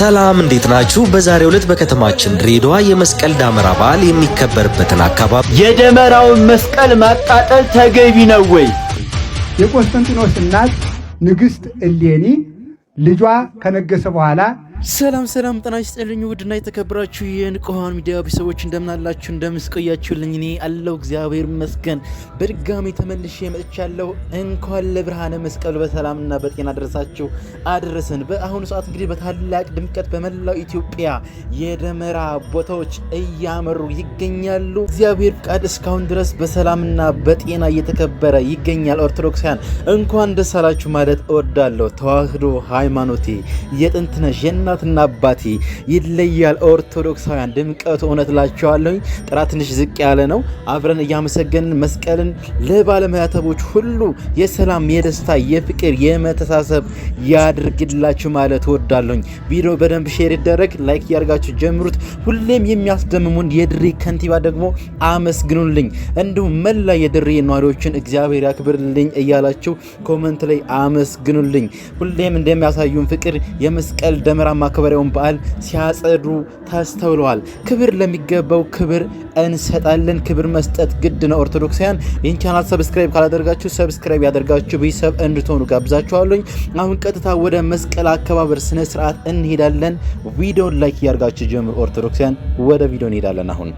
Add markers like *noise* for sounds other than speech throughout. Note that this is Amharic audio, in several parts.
ሰላም እንዴት ናችሁ? በዛሬው ዕለት በከተማችን ድሬዳዋ የመስቀል ደመራ በዓል የሚከበርበትን አካባቢ የደመራውን መስቀል ማቃጠል ተገቢ ነው ወይ? የቆስጠንጢኖስ እናት ንግሥት እሌኒ ልጇ ከነገሰ በኋላ ሰላም ሰላም ጤና ይስጥልኝ ውድና የተከበራችሁ የንቁሃን ሚዲያ ቤተሰቦች እንደምናላችሁ እንደምስቆያችሁልኝ እኔ አለው እግዚአብሔር ይመስገን በድጋሚ ተመልሼ መጥቻለሁ። እንኳን ለብርሃነ መስቀሉ በሰላምና በጤና ደረሳችሁ አደረሰን። በአሁኑ ሰዓት እንግዲህ በታላቅ ድምቀት በመላው ኢትዮጵያ የደመራ ቦታዎች እያመሩ ይገኛሉ። እግዚአብሔር ፍቃድ እስካሁን ድረስ በሰላምና በጤና እየተከበረ ይገኛል። ኦርቶዶክሳውያን እንኳን ደስ አላችሁ ማለት እወዳለሁ። ተዋህዶ ሃይማኖቴ የጥንት ነሽ እናትና አባቴ ይለያል። ኦርቶዶክሳውያን ድምቀቱ እውነት ላቸዋለሁ። ጥራት ትንሽ ዝቅ ያለ ነው። አብረን እያመሰገንን መስቀልን ለባለመያተቦች ሁሉ የሰላም የደስታ የፍቅር የመተሳሰብ ያድርግላችሁ ማለት እወዳለሁኝ። ቪዲዮ በደንብ ሼር ይደረግ፣ ላይክ እያደርጋችሁ ጀምሩት። ሁሌም የሚያስደምሙን የድሬ ከንቲባ ደግሞ አመስግኑልኝ፣ እንዲሁም መላ የድሬ ነዋሪዎችን እግዚአብሔር ያክብርልኝ እያላችሁ ኮመንት ላይ አመስግኑልኝ። ሁሌም እንደሚያሳዩን ፍቅር የመስቀል ደመራ የማክበሪያውን በዓል ሲያጸዱ ታስተውለዋል። ክብር ለሚገባው ክብር እንሰጣለን። ክብር መስጠት ግድ ነው። ኦርቶዶክሳውያን ይህን ቻናል ሰብስክራይብ ካላደርጋችሁ ሰብስክራይብ ያደርጋችሁ ቤተሰብ እንድትሆኑ ጋብዛችኋለኝ። አሁን ቀጥታ ወደ መስቀል አከባበር ስነ ስርዓት እንሄዳለን። ቪዲዮን ላይክ ያርጋችሁ ጀምር። ኦርቶዶክሳውያን ወደ ቪዲዮ እንሄዳለን አሁን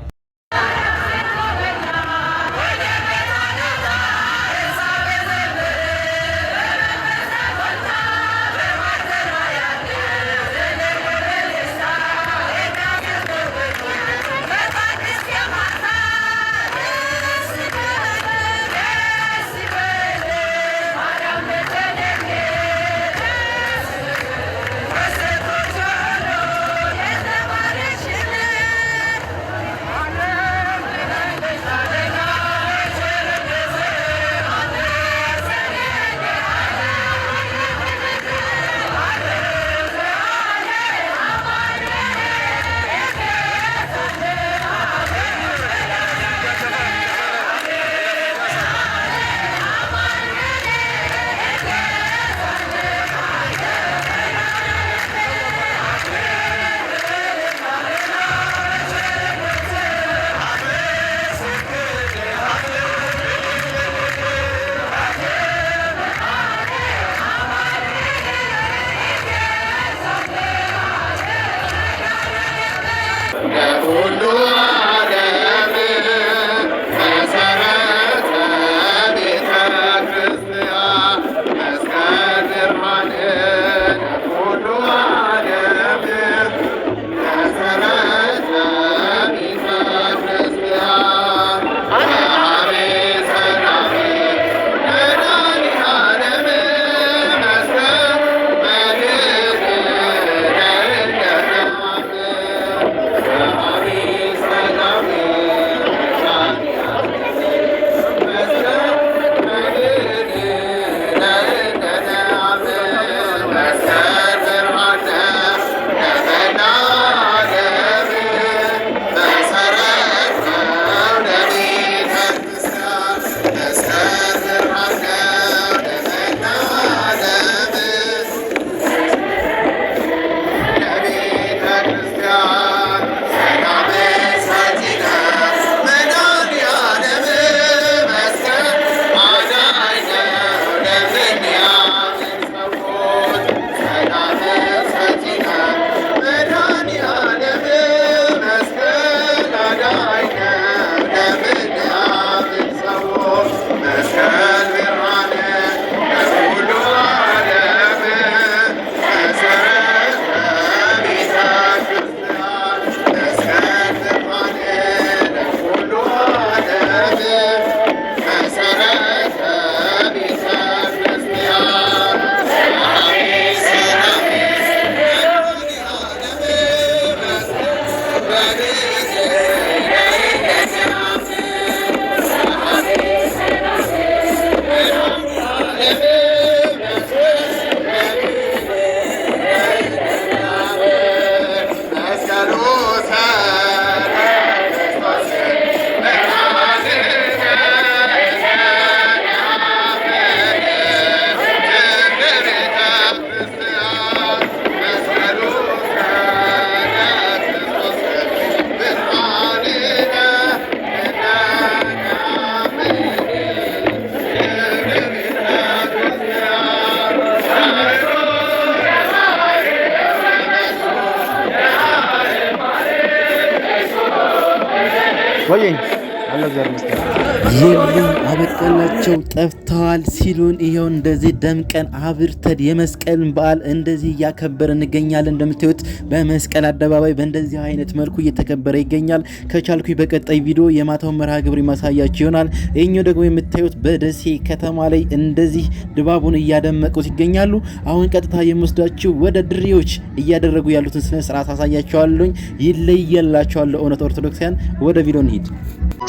መስቀላቸው ጠፍተዋል ሲሉን ይኸው እንደዚህ ደምቀን አብርተን የመስቀልን በዓል እንደዚህ እያከበረ እንገኛለን። እንደምታዩት በመስቀል አደባባይ በእንደዚህ አይነት መልኩ እየተከበረ ይገኛል። ከቻልኩ በቀጣይ ቪዲዮ የማታውን መርሃ ግብር ማሳያቸው ይሆናል። ይህኛው ደግሞ የምታዩት በደሴ ከተማ ላይ እንደዚህ ድባቡን እያደመቁት ይገኛሉ። አሁን ቀጥታ የምወስዳችሁ ወደ ድሬዎች እያደረጉ ያሉትን ስነ ስርዓት አሳያቸዋለኝ። ይለየላቸዋለሁ እውነት ኦርቶዶክሳውያን። ወደ ቪዲዮ እንሂድ።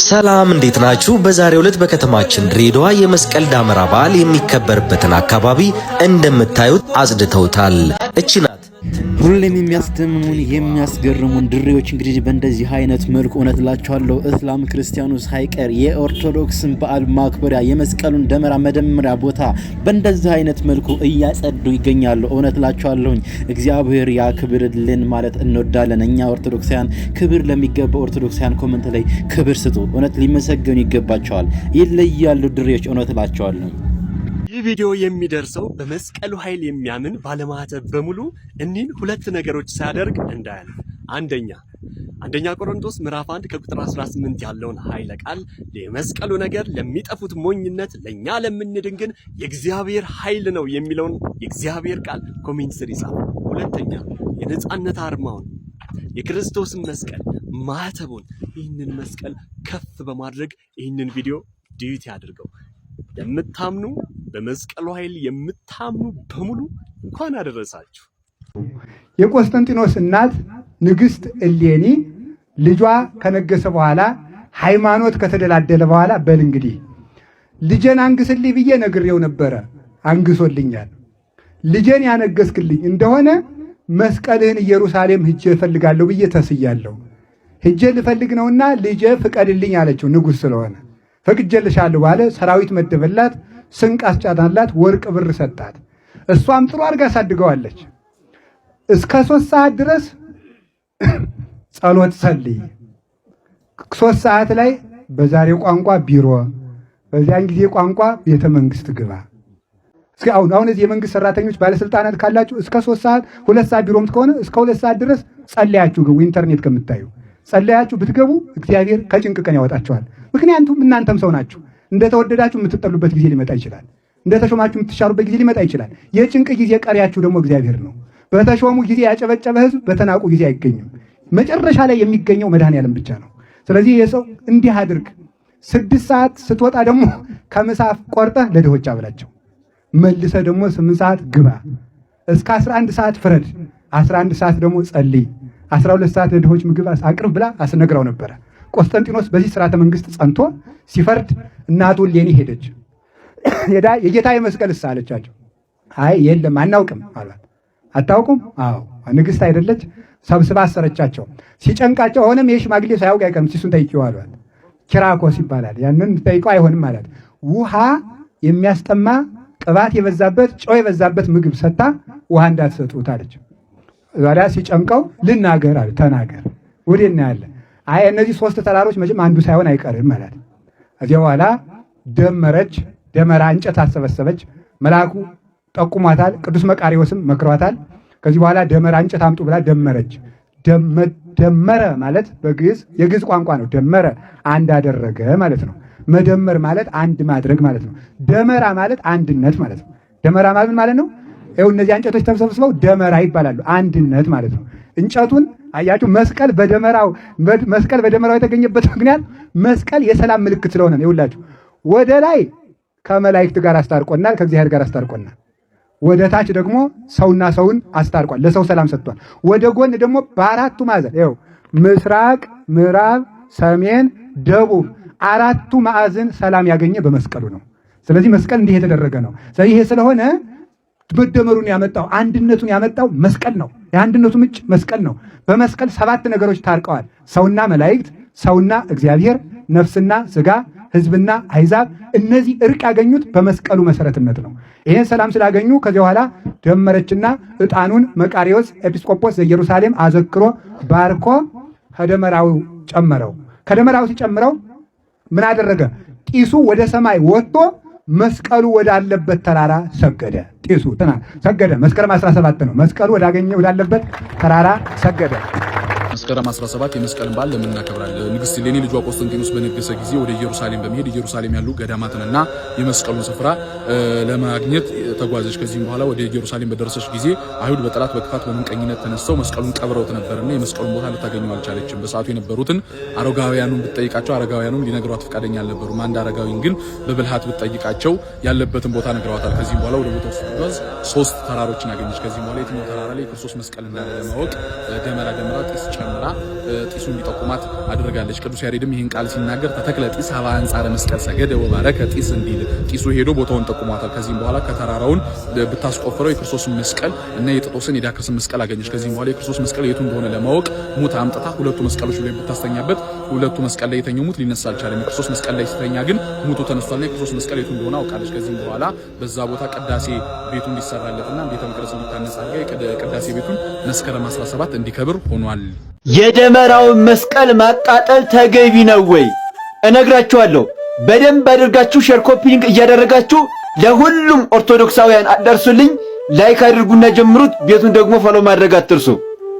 ሰላም እንዴት ናችሁ? በዛሬው ዕለት በከተማችን ድሬዳዋ የመስቀል ዳመራ በዓል የሚከበርበትን አካባቢ እንደምታዩት አጽድተውታል። እቺ ናት ሁሌም የሚያስደምሙን የሚያስገርሙን ድሬዎች እንግዲህ በእንደዚህ አይነት መልኩ እውነት ላችኋለሁ እስላም ክርስቲያኑ ሳይቀር የኦርቶዶክስን በዓል ማክበሪያ የመስቀሉን ደመራ መደመሪያ ቦታ በእንደዚህ አይነት መልኩ እያጸዱ ይገኛሉ። እውነት ላችኋለሁኝ እግዚአብሔር ያክብርልን ማለት እንወዳለን እኛ ኦርቶዶክሳያን ክብር ለሚገባ ኦርቶዶክሳያን ኮመንት ላይ ክብር ስጡ። እውነት ሊመሰገኑ ይገባቸዋል። ይለያሉ ድሬዎች እውነት ላቸዋለሁኝ። ቪዲዮ የሚደርሰው በመስቀሉ ኃይል የሚያምን ባለማህተብ በሙሉ እኒህን ሁለት ነገሮች ሳያደርግ እንዳያልፍ። አንደኛ አንደኛ ቆሮንቶስ ምዕራፍ 1 ከቁጥር 18 ያለውን ኃይለ ቃል የመስቀሉ ነገር ለሚጠፉት ሞኝነት፣ ለኛ ለምንድን ግን የእግዚአብሔር ኃይል ነው የሚለውን የእግዚአብሔር ቃል ኮሜንትሪ ይጻፍ። ሁለተኛ የነጻነት አርማውን የክርስቶስን መስቀል ማህተቡን ይህንን መስቀል ከፍ በማድረግ ይህንን ቪዲዮ ዲዩት ያድርገው። ለምታምኑ በመስቀሉ ኃይል የምታምኑ በሙሉ እንኳን አደረሳችሁ። የቆስጠንጢኖስ እናት ንግሥት እሌኒ ልጇ ከነገሰ በኋላ ሃይማኖት ከተደላደለ በኋላ በል እንግዲህ ልጄን አንግስልኝ ብዬ ነግሬው ነበረ፣ አንግሶልኛል። ልጄን ያነገስክልኝ እንደሆነ መስቀልህን ኢየሩሳሌም ሂጄ እፈልጋለሁ ብዬ ተስያለሁ። ሂጄ ልፈልግ ነውና ልጄ ፍቀድልኝ አለችው። ንጉሥ ስለሆነ ፈቅጄልሻለሁ ባለ ሰራዊት መደበላት። ስንቅ አስጫናላት፣ ወርቅ ብር ሰጣት። እሷም ጥሩ አድርጋ አሳድገዋለች። እስከ ሶስት ሰዓት ድረስ *coughs* ጸሎት ጸልይ። ሶስት ሰዓት ላይ በዛሬ ቋንቋ ቢሮ፣ በዚያን ጊዜ ቋንቋ ቤተ መንግስት ግባ። እስኪ አሁን አሁን እዚህ የመንግስት ሰራተኞች ባለስልጣናት ካላችሁ እስከ ሶስት ሰዓት ሁለት ሰዓት ቢሮም ከሆነ እስከ ሁለት ሰዓት ድረስ ጸለያችሁ ግቡ። ኢንተርኔት ከምታዩ ጸለያችሁ ብትገቡ እግዚአብሔር ከጭንቅ ቀን ያወጣችኋል። ምክንያቱም እናንተም ሰው ናችሁ። እንደተወደዳችሁ የምትጠሉበት ጊዜ ሊመጣ ይችላል። እንደተሾማችሁ የምትሻሩበት ጊዜ ሊመጣ ይችላል። የጭንቅ ጊዜ ቀሪያችሁ ደግሞ እግዚአብሔር ነው። በተሾሙ ጊዜ ያጨበጨበ ህዝብ በተናቁ ጊዜ አይገኝም። መጨረሻ ላይ የሚገኘው መድኃኔዓለም ብቻ ነው። ስለዚህ የሰው እንዲህ አድርግ። ስድስት ሰዓት ስትወጣ ደግሞ ከምሳፍ ቆርጠህ ለድሆች አብላቸው። መልሰ ደግሞ ስምንት ሰዓት ግባ። እስከ አስራ አንድ ሰዓት ፍረድ። አስራ አንድ ሰዓት ደግሞ ጸልይ። አስራ ሁለት ሰዓት ለድሆች ምግብ አቅርብ ብላ አስነግራው ነበረ። ቆስጠንጢኖስ በዚህ ስርዓተ መንግስት ጸንቶ ሲፈርድ እናቱ ሌኒ ሄደች። የጌታ የመስቀልስ አለቻቸው። አይ የለም አናውቅም አሏት። አታውቁም? አዎ ንግስት አይደለች? ሰብስባ አሰረቻቸው። ሲጨንቃቸው ሆነም ይህ ሽማግሌ ሳያውቅ አይቀርም ሲሱን ጠይቂው አሏት። ኪራኮስ ይባላል። ያንን ጠይቀው አይሆንም ማለት ውሃ የሚያስጠማ ቅባት የበዛበት ጨው የበዛበት ምግብ ሰታ ውሃ እንዳትሰጡት አለች። ዛሬ ሲጨንቀው ልናገር አለ። ተናገር ወዴ እናያለን አይ እነዚህ ሶስት ተራሮች መቼም አንዱ ሳይሆን አይቀርም ማለት ነው። እዚያ በኋላ ደመረች ደመራ እንጨት አሰበሰበች። መልአኩ ጠቁሟታል። ቅዱስ መቃሪዎስም መክሯታል። ከዚህ በኋላ ደመራ እንጨት አምጡ ብላ ደመረች። ደመረ ማለት በግዕዝ የግዕዝ ቋንቋ ነው። ደመረ አንድ አደረገ ማለት ነው። መደመር ማለት አንድ ማድረግ ማለት ነው። ደመራ ማለት አንድነት ማለት ነው። ደመራ ማለት ማለት ነው። ይኸው እነዚህ እንጨቶች ተሰብስበው ደመራ ይባላሉ። አንድነት ማለት ነው። እንጨቱን አያችሁ፣ መስቀል በደመራው መስቀል በደመራው የተገኘበት ምክንያት መስቀል የሰላም ምልክት ስለሆነ ነው። ይውላችሁ ወደ ላይ ከመላእክት ጋር አስታርቆናል፣ ከእግዚአብሔር ጋር አስታርቆናል። ወደ ታች ደግሞ ሰውና ሰውን አስታርቋል፣ ለሰው ሰላም ሰጥቷል። ወደ ጎን ደግሞ በአራቱ ማዕዘን ይኸው ምስራቅ፣ ምዕራብ፣ ሰሜን፣ ደቡብ አራቱ ማዕዘን ሰላም ያገኘ በመስቀሉ ነው። ስለዚህ መስቀል እንዲህ የተደረገ ነው። ስለዚህ ይሄ ስለሆነ መደመሩን ያመጣው አንድነቱን ያመጣው መስቀል ነው። የአንድነቱ ምንጭ መስቀል ነው። በመስቀል ሰባት ነገሮች ታርቀዋል። ሰውና መላእክት፣ ሰውና እግዚአብሔር፣ ነፍስና ስጋ፣ ህዝብና አይዛብ። እነዚህ እርቅ ያገኙት በመስቀሉ መሰረትነት ነው። ይህን ሰላም ስላገኙ ከዚህ በኋላ ደመረችና ዕጣኑን መቃሪዎስ ኤጲስቆጶስ ዘኢየሩሳሌም አዘክሮ ባርኮ ከደመራው ጨመረው። ከደመራው ሲጨምረው ምን አደረገ? ጢሱ ወደ ሰማይ ወጥቶ መስቀሉ ወዳለበት ተራራ ሰገደ። ጤሱ ሰገደ መስከረም 17 ነው። መስቀሉ ወዳገኘ ወዳለበት ተራራ ሰገደ። መስከረም 17 የመስቀልን በዓል ለምን እናከብራለን? ንግሥት እሌኒ ልጇ ቆስጠንጢኖስ በነገሰ ጊዜ ወደ ኢየሩሳሌም በመሄድ ኢየሩሳሌም ያሉ ገዳማትንና የመስቀሉን ስፍራ ለማግኘት ተጓዘች። ከዚህም በኋላ ወደ ኢየሩሳሌም በደረሰች ጊዜ አይሁድ በጠላት በክፋት በምንቀኝነት ተነስተው መስቀሉን ቀብረውት ነበርና የመስቀሉን ቦታ ልታገኘው አልቻለችም። በሰዓቱ የነበሩትን አረጋውያኑን ብትጠይቃቸው አረጋውያኑን ሊነግሯት ፈቃደኛ አልነበሩም። አንድ አረጋዊን ግን በብልሃት ብትጠይቃቸው ያለበትን ቦታ ነግረዋታል። ከዚህም በኋላ ወደ ቦታው ስትጓዝ ሶስት ተራሮችን አገኘች። ከዚህም በኋላ የትኛው ተራራ ላይ ክርስቶስ መስቀል እንዳለ ለማወቅ ደመራ ደመራ ጨምራ ጢሱ እንዲጠቁማት አድርጋለች። ቅዱስ ያሬድም ይህን ቃል ሲናገር ተተክለ ጢስ ሀበ አንጻረ መስቀል ሰገደ ወባረከ ጢስ እንዲል ጢሱ ሄዶ ቦታውን ጠቁሟታል። ከዚህም በኋላ ከተራራውን ብታስቆፍረው የክርስቶስን መስቀል እና የጥጦስን የዳክርስን መስቀል አገኘች። ከዚህም በኋላ የክርስቶስ መስቀል የቱ እንደሆነ ለማወቅ ሙት አምጥታ ሁለቱ መስቀሎች ላይ ብታስተኛበት ሁለቱ መስቀል ላይ የተኙ ሙት ሊነሳ አልቻለም። የክርስቶስ መስቀል ላይ ስተኛ ግን ሙቶ ተነስቷል። የክርስቶስ መስቀል የቱ እንደሆነ አውቃለች። ከዚህም በኋላ በዛ ቦታ ቅዳሴ ቤቱ እንዲሰራለትና ቤተ መቅደስ እንዲታነጽ ቅዳሴ ቤቱን መስከረም 17 እንዲከብር ሆኗል። የደመራውን መስቀል ማቃጠል ተገቢ ነው ወይ? እነግራችኋለሁ። በደንብ አድርጋችሁ ሼር ኮፒንግ እያደረጋችሁ ለሁሉም ኦርቶዶክሳውያን አደርሱልኝ። ላይክ አድርጉና ጀምሩት። ቤቱን ደግሞ ፈሎ ማድረግ አትርሱ።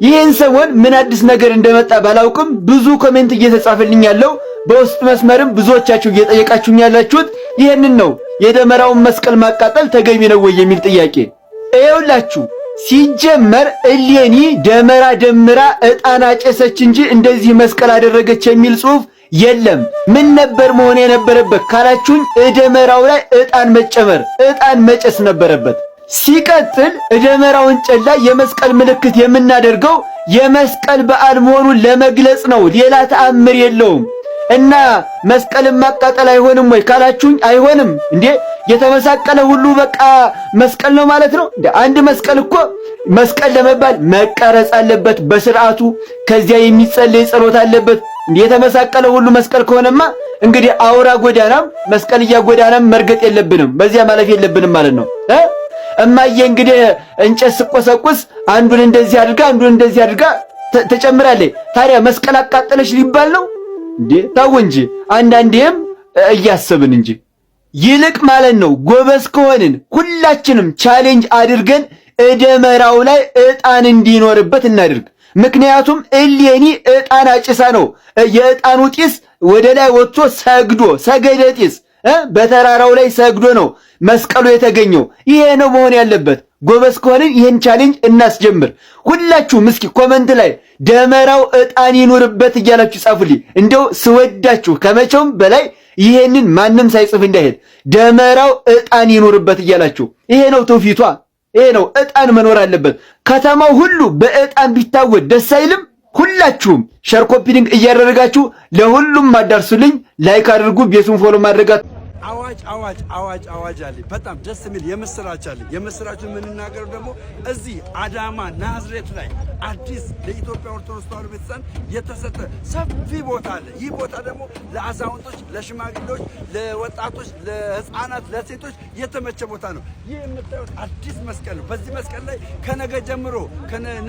ይህን ሰሞን ምን አዲስ ነገር እንደመጣ ባላውቅም ብዙ ኮሜንት እየተጻፈልኝ ያለው በውስጥ መስመርም ብዙዎቻችሁ እየጠየቃችሁኝ ያላችሁት ይህንን ነው። የደመራውን መስቀል ማቃጠል ተገቢ ነው ወይ የሚል ጥያቄ እየውላችሁ። ሲጀመር እሌኒ ደመራ ደምራ ዕጣን አጨሰች እንጂ እንደዚህ መስቀል አደረገች የሚል ጽሑፍ የለም። ምን ነበር መሆን የነበረበት ካላችሁኝ፣ ደመራው ላይ ዕጣን መጨመር ዕጣን መጨስ ነበረበት። ሲቀጥል እደመራውን ጨላ የመስቀል ምልክት የምናደርገው የመስቀል በዓል መሆኑን ለመግለጽ ነው። ሌላ ተአምር የለውም። እና መስቀልን ማቃጠል አይሆንም ወይ ካላችሁኝ፣ አይሆንም። እንዴ የተመሳቀለ ሁሉ በቃ መስቀል ነው ማለት ነው? አንድ መስቀል እኮ መስቀል ለመባል መቀረጽ አለበት በስርዓቱ። ከዚያ የሚጸለይ ጸሎት አለበት። እንዴ የተመሳቀለ ሁሉ መስቀል ከሆነማ እንግዲህ አውራ ጎዳናም መስቀልያ ጎዳናም መርገጥ የለብንም፣ በዚያ ማለፍ የለብንም ማለት ነው። እማዬ እንግዲህ እንጨት ስቆሰቁስ አንዱን እንደዚህ አድርጋ አንዱን እንደዚህ አድርጋ ተጨምራለች። ታዲያ መስቀል አቃጠለች ሊባል ነው እንዴ? ታው እንጂ አንዳንዴም እያሰብን እንጂ ይልቅ ማለት ነው ጎበዝ ከሆንን ሁላችንም ቻሌንጅ አድርገን እደመራው ላይ እጣን እንዲኖርበት እናድርግ። ምክንያቱም እሌኒ እጣን አጭሳ ነው። የእጣኑ ጢስ ወደ ላይ ወጥቶ ሰግዶ ሰገደ ጢስ በተራራው ላይ ሰግዶ ነው መስቀሉ የተገኘው ይሄ ነው መሆን ያለበት። ጎበዝ ከሆንን ይህን ቻሌንጅ እናስጀምር። ሁላችሁም እስኪ ኮመንት ላይ ደመራው ዕጣን ይኑርበት እያላችሁ ጻፉልኝ። እንደው ስወዳችሁ ከመቼውም በላይ ይሄንን ማንም ሳይጽፍ እንዳይሄድ ደመራው ዕጣን ይኑርበት እያላችሁ ይሄ ነው ትውፊቷ፣ ይሄ ነው ዕጣን መኖር አለበት። ከተማው ሁሉ በዕጣን ቢታወድ ደስ አይልም? ሁላችሁም ሸርኮፒንግ እያደረጋችሁ ለሁሉም ማዳርሱልኝ ላይክ አድርጉ። ቤቱን ፎሎ ማድረጋት አዋጅ አዋጅ አዋጅ አዋጅ አለ። በጣም ደስ የሚል የምስራች አለ የምስራችን የምንናገረው ደግሞ እዚህ አዳማ ናዝሬት ላይ አዲስ ለኢትዮጵያ ኦርቶዶክስ ተዋሕዶ ቤተክርስቲያን የተሰጠ ሰፊ ቦታ አለ። ይህ ቦታ ደግሞ ለአዛውንቶች፣ ለሽማግሌዎች፣ ለወጣቶች፣ ለህፃናት ለሴቶች የተመቸ ቦታ ነው። ይህ የምታዩት አዲስ መስቀል ነው። በዚህ መስቀል ላይ ከነገ ጀምሮ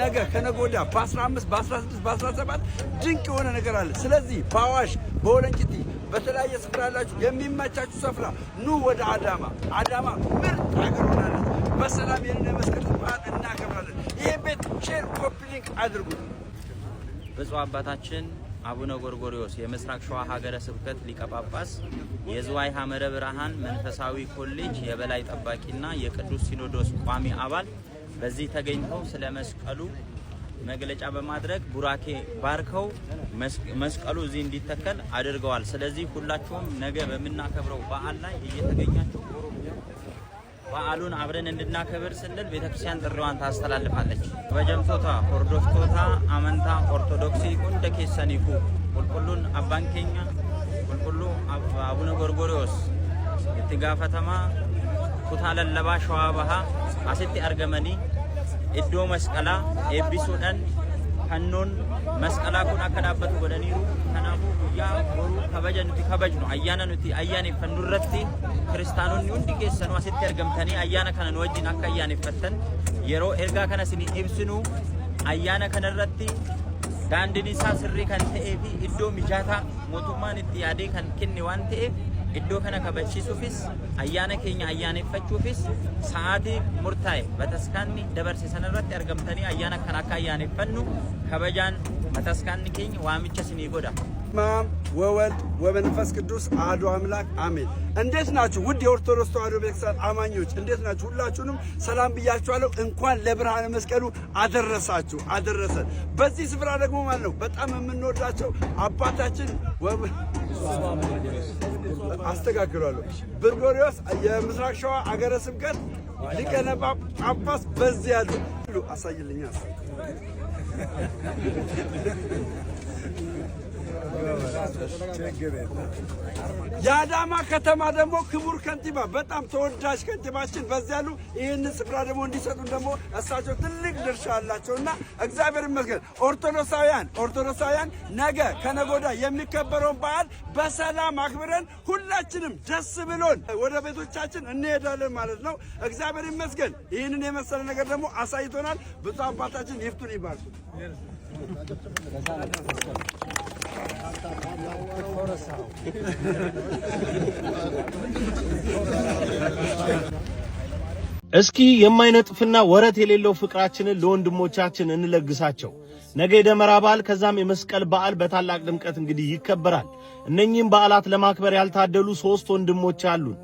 ነገ ከነገ በ15 በ16 በ17 ድንቅ የሆነ ነገር አለ። ስለዚህ በአዋሽ በወለንጭቲ በተለያየ ስፍራ ያላችሁ የሚመቻችሁ ስፍራ ኑ ወደ አዳማ። አዳማ ምርጥ ሀገር ሆናለች። በሰላም ይህንን የመስቀል በዓል እናከብራለን። ይሄ ቤት ሼር፣ ኮፒ ሊንክ አድርጉት። ብፁዕ አባታችን አቡነ ጎርጎሪዎስ የምስራቅ ሸዋ ሀገረ ስብከት ሊቀ ጳጳስ የዝዋይ ሐመረ ብርሃን መንፈሳዊ ኮሌጅ የበላይ ጠባቂና የቅዱስ ሲኖዶስ ቋሚ አባል በዚህ ተገኝተው ስለ መስቀሉ መግለጫ በማድረግ ቡራኬ ባርከው መስቀሉ እዚህ እንዲተከል አድርገዋል። ስለዚህ ሁላችሁም ነገ በምናከብረው በዓል ላይ እየተገኛችሁ በዓሉን አብረን እንድናከብር ስንል ቤተክርስቲያን ጥሪዋን ታስተላልፋለች። በጀምቶታ ሆርዶፍቶታ አመንታ ኦርቶዶክሲ ቁንደ ኬሰኒኩ ቁልቁሉን አባንኬኛ ቁልቁሉ አቡነ ጎርጎሪዎስ የትጋፈተማ ኩታለለባ ባሃ አሴቴ አርገመኒ iddoo masqalaa eebbisuudhaan fannoon masqalaa kun akka dhaabbatu godhaniiru. Kanaafuu guyyaa boruu kabaja nuti kabajnu ayyaana nuti ayyaaneffannu irratti kiristaanonni hundi keessanuu asitti argamtanii ayyaana kana nu wajjin akka ayyaaneffattan yeroo ergaa kana isin ibsinu ayyaana kana irratti daandiin isaa sirrii kan ta'ee fi iddoo mijataa mootummaan itti yaadee kan kenne waan ta'eef iddoo kana kabachiisuufis ayyaana keenya ayyaaneffachuufis sa'aatii murtaa'e bataskaanni dabarse sanarratti argamtanii ayyaana kana akka ayyaaneffannu kabajaan bataskaanni keenya waamicha sinii godha በስመ ወወልድ ወመንፈስ ቅዱስ አሐዱ አምላክ አሜን። እንዴት ናችሁ ውድ የኦርቶዶክስ ተዋሕዶ ቤተክርስቲያን አማኞች እንዴት ናችሁ? ሁላችሁንም ሰላም ብያችኋለሁ። እንኳን ለብርሃነ መስቀሉ አደረሳችሁ አደረሰን። በዚህ ስፍራ ደግሞ ማለት ነው በጣም የምንወዳቸው አባታችን አስተካክሏለሁ። ብርጎሪዎስ የምስራቅ ሸዋ አገረ ስብከት ሊቀነ ጳጳስ በዚህ ያሉ አሳይልኛ የአዳማ ከተማ ደግሞ ክቡር ከንቲባ በጣም ተወዳጅ ከንቲባችን በዚያ ያሉ ይህን ስፍራ ደግሞ እንዲሰጡን ደግሞ እሳቸው ትልቅ ድርሻ አላቸው እና እግዚአብሔር ይመስገን። ኦርቶዶክሳውያን ኦርቶዶክሳውያን ነገ ከነጎዳ የሚከበረውን በዓል በሰላም አክብረን ሁላችንም ደስ ብሎን ወደ ቤቶቻችን እንሄዳለን ማለት ነው። እግዚአብሔር ይመስገን። ይህንን የመሰለ ነገር ደግሞ አሳይቶናል። ብፁዕ አባታችን ይፍቱን ይባርኩ። እስኪ የማይነጥፍና ወረት የሌለው ፍቅራችንን ለወንድሞቻችን እንለግሳቸው። ነገ የደመራ በዓል ከዛም የመስቀል በዓል በታላቅ ድምቀት እንግዲህ ይከበራል። እነኚህም በዓላት ለማክበር ያልታደሉ ሶስት ወንድሞች አሉን።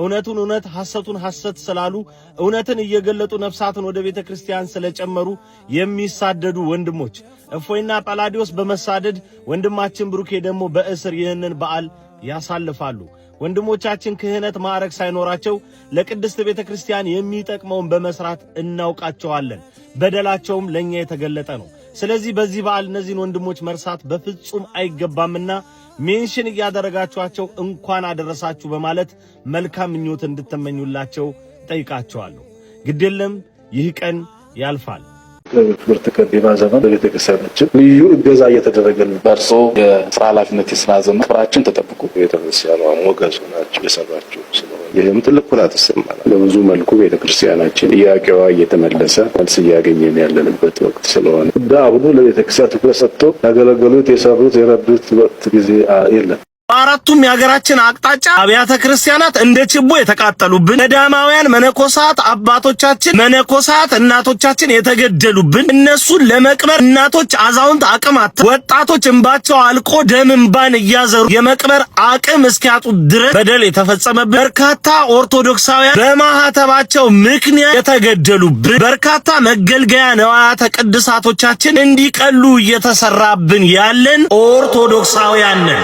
እውነቱን እውነት ሐሰቱን ሐሰት ስላሉ እውነትን እየገለጡ ነፍሳትን ወደ ቤተ ክርስቲያን ስለጨመሩ የሚሳደዱ ወንድሞች እፎይና ጳላዲዮስ በመሳደድ ወንድማችን ብሩኬ ደግሞ በእስር ይህንን በዓል ያሳልፋሉ። ወንድሞቻችን ክህነት ማዕረግ ሳይኖራቸው ለቅድስት ቤተ ክርስቲያን የሚጠቅመውን በመስራት እናውቃቸዋለን። በደላቸውም ለእኛ የተገለጠ ነው። ስለዚህ በዚህ በዓል እነዚህን ወንድሞች መርሳት በፍጹም አይገባምና ሜንሽን እያደረጋችኋቸው እንኳን አደረሳችሁ በማለት መልካም ምኞት እንድትመኙላቸው ጠይቃቸዋለሁ። ግድ ይህ ቀን ያልፋል። ክብርት ከንቲባ ዘመን በቤተ ክርስቲያናችን ልዩ እገዛ እየተደረገልን በእርሶ የስራ ኃላፊነት የስራ ዘመን ክብራችን ተጠብቁ ቤተክርስቲያኗ ሞገዙ ናቸው የሰራቸው ስለ ይህም ትልቅ ኩራት ይሰማል። በብዙ መልኩ ቤተክርስቲያናችን ጥያቄዋ እየተመለሰ መልስ እያገኘን ያለንበት ወቅት ስለሆነ እንደ አሁኑ ለቤተክርስቲያን ትኩረት ሰጥቶ ያገለገሉት የሰሩት የረዱት ወቅት ጊዜ የለም። በአራቱም የሀገራችን አቅጣጫ አብያተ ክርስቲያናት እንደ ችቦ የተቃጠሉብን፣ ገዳማውያን መነኮሳት አባቶቻችን መነኮሳት እናቶቻችን የተገደሉብን፣ እነሱን ለመቅበር እናቶች አዛውንት አቅም አጥተው ወጣቶች እንባቸው አልቆ ደም እንባን እያዘሩ የመቅበር አቅም እስኪያጡ ድረስ በደል የተፈጸመብን፣ በርካታ ኦርቶዶክሳውያን በማህተባቸው ምክንያት የተገደሉብን፣ በርካታ መገልገያ ነዋያተ ቅድሳቶቻችን እንዲቀሉ እየተሰራብን ያለን ኦርቶዶክሳውያን ነን።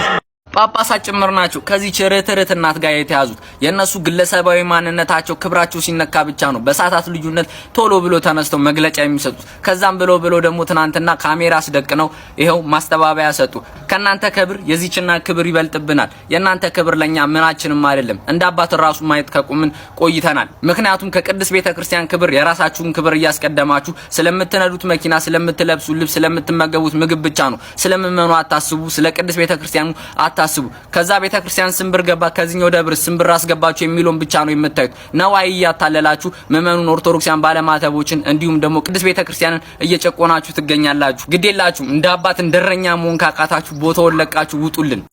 ጳጳሳት ጭምር ናቸው ከዚች ርት እናት ጋር የተያዙት። የእነሱ ግለሰባዊ ማንነታቸው ክብራቸው ሲነካ ብቻ ነው በሰዓታት ልዩነት ቶሎ ብሎ ተነስተው መግለጫ የሚሰጡት። ከዛም ብሎ ብሎ ደግሞ ትናንትና ካሜራ አስደቅነው ይኸው ማስተባበያ ሰጡ። ከእናንተ ክብር የዚችና ክብር ይበልጥብናል። የእናንተ ክብር ለእኛ ምናችንም አይደለም። እንደ አባት ራሱ ማየት ከቁምን ቆይተናል። ምክንያቱም ከቅድስት ቤተ ክርስቲያን ክብር የራሳችሁን ክብር እያስቀደማችሁ ስለምትነዱት መኪና፣ ስለምትለብሱ ልብስ፣ ስለምትመገቡት ምግብ ብቻ ነው። ስለምመኑ አታስቡ። ስለ ቅድስት ቤተ ክርስቲያኑ አታ የምታስቡ። ከዛ ቤተ ክርስቲያን ስንብር ገባ፣ ከዚህኛው ደብር ስንብር አስገባችሁ የሚለውን ብቻ ነው የምታዩት። ነዋይ እያታለላችሁ ምእመኑን፣ ኦርቶዶክሲያን፣ ባለማተቦችን እንዲሁም ደግሞ ቅድስት ቤተ ክርስቲያንን እየጨቆናችሁ ትገኛላችሁ። ግዴላችሁ እንደ አባት እንደረኛ መሆን ካቃታችሁ ቦታውን ለቃችሁ ውጡልን።